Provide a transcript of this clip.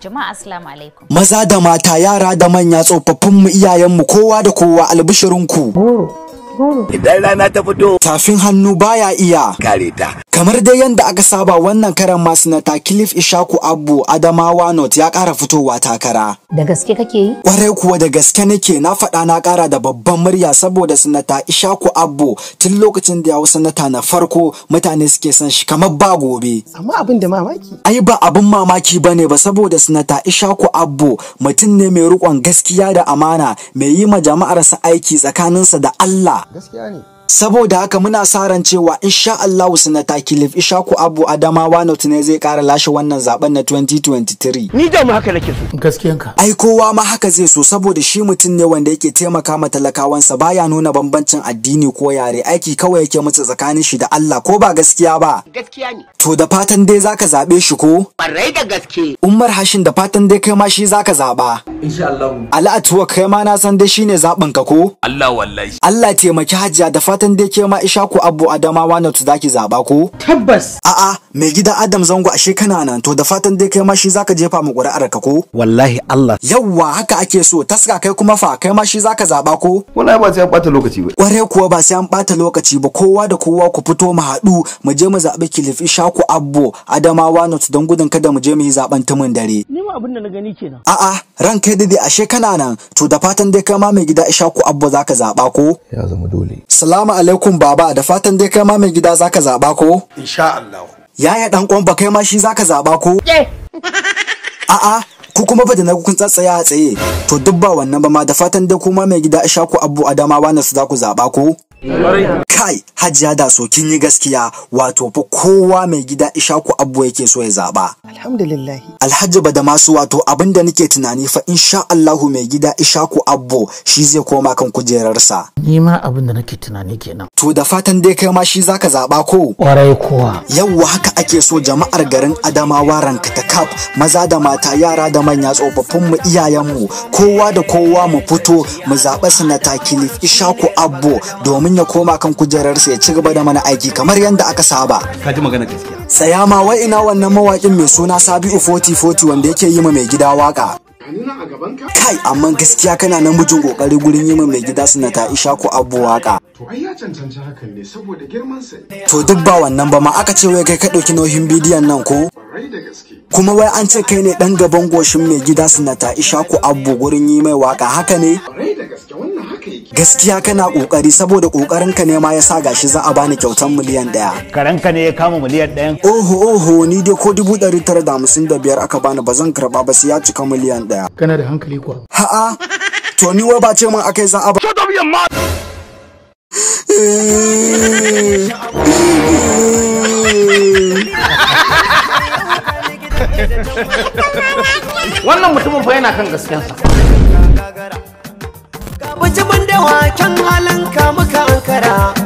Jama'a assalamu alaikum. Maza da mata, yara da manya, tsofaffin mu iyayen mu kowa da kowa albishirinku. Goro. Idan rana ta fito. Tafin hannu baya iya. Kare kamar dai yadda aka saba wannan karan ma sanata kilif ishaku abu adamawa not ya kara fitowa takara da gaske kake yi kwarai kuwa da gaske nake na faɗa na kara da babban murya saboda sanata ishaku abu tun lokacin da ya hau sanata na farko mutane suke son shi kamar ba gobe amma abin da mamaki ai ba abin mamaki bane ba saboda sanata ishaku abu mutum ne mai riƙon gaskiya da amana mai yi ma jama'ar sa aiki tsakaninsa da Allah gaskiya ne saboda haka muna sa ran cewa insha Allah sanata Kilif Ishaku Abu Adamawa Not ne zai kara lashe wannan zaben na 2023 ni da mu haka nake so ka ai kowa ma haka zai so saboda shi mutum ne wanda yake taimaka ma talakawansa baya nuna bambancin addini ko yare aiki kawai yake mutsa tsakanin shi da Allah ko ba gaskiya ba gaskiya ne to da fatan dai zaka zabe shi ko barai da gaske Umar Hashin da fatan dai kai ma shi zaka zaba insha Allah Allah kai ma na san dai shine zaben ka ko Allah wallahi Allah taimaki Hajiya da fatan fatan dai ke ma Ishaku Abu Adamawa na tu zaki zaba ko? Tabbas. A'a, mai gida Adam Zango a kana nan to da fatan dai kai ma shi zaka jefa mu ƙuri'ar ka ko? Wallahi Allah. Yawwa haka ake so taska kai kuma fa kai ma shi zaka zaba ko? Wallahi ba sai an bata lokaci ba. Ƙware kuwa ba sai an bata lokaci ba kowa da kowa ku fito mu haɗu mu je mu zaɓi Kilif Ishaku Abu Adamawa na tu don gudun kada mu je mu yi zaben tumin dare. Ni ma abin da na gani kenan. A'a, ran kai dai a kana nan to da fatan dai kai ma mai gida Ishaku Abu zaka zaba ko? Ya zama dole. Salama assalamu alaikum baba da fatan dai kai ma mai gida zaka zaba ko insha Allah yaya dan kwan ba kai ma shi zaka zaba ko a'a ku kuma ba da na kun tsatsaya a tsaye to duk ba wannan ba ma da fatan dai kuma mai gida Ishaku abu Adamawa na su za ku zaba ko kai hajiya da so kin yi gaskiya wato fa kowa mai gida ishaku abu yake so ya zaba alhamdulillah alhaji Bada masu wato abinda nake tunani fa insha Allahu mai gida ishaku abu shi zai koma kan kujerarsa ni ma abinda nake tunani kenan to da fatan dai kai ma shi zaka zaba ko kwarai kuwa yawwa haka ake so jama'ar garin Adamawa ranka ta kaf maza da mata yara da manya tsofaffin mu iyayen mu kowa da kowa mu fito mu zaɓa sanata kilif ishaku abbo domin domin ya koma kan kujerarsa ya ci gaba da mana aiki kamar yadda aka saba ka ji magana gaskiya saya ma wai ina wannan mawakin mai suna Sabiu 4040 wanda yake yi ma mai gida waka kai amma gaskiya kana namijin kokari gurin yi ma mai gida suna ta isha ko abu waka to ai ya cancanci hakan ne saboda girman sa to duk ba wannan ba ma aka ce wai kai ka dauki nauyin bidiyon nan ko kuma wai an ce kai ne dan gaban goshin mai gida suna ta isha ko abu gurin yi mai waka haka ne gaskiya kana kokari saboda kokarin ka ne ma sa gashi za a bani kyautan miliyan daya karanka ne ya kama miliyan ɗaya. oho oho ni dai ko dubu ɗari tara da hamsin da biyar aka bani ba zan karɓa ba sai ya cika miliyan ɗaya kana da hankali kuwa ha'a to ni wai ba ce man akai za a ba shut up your mouth eh. wannan mutumin fa yana kan sa. da waken halin ka muka ankara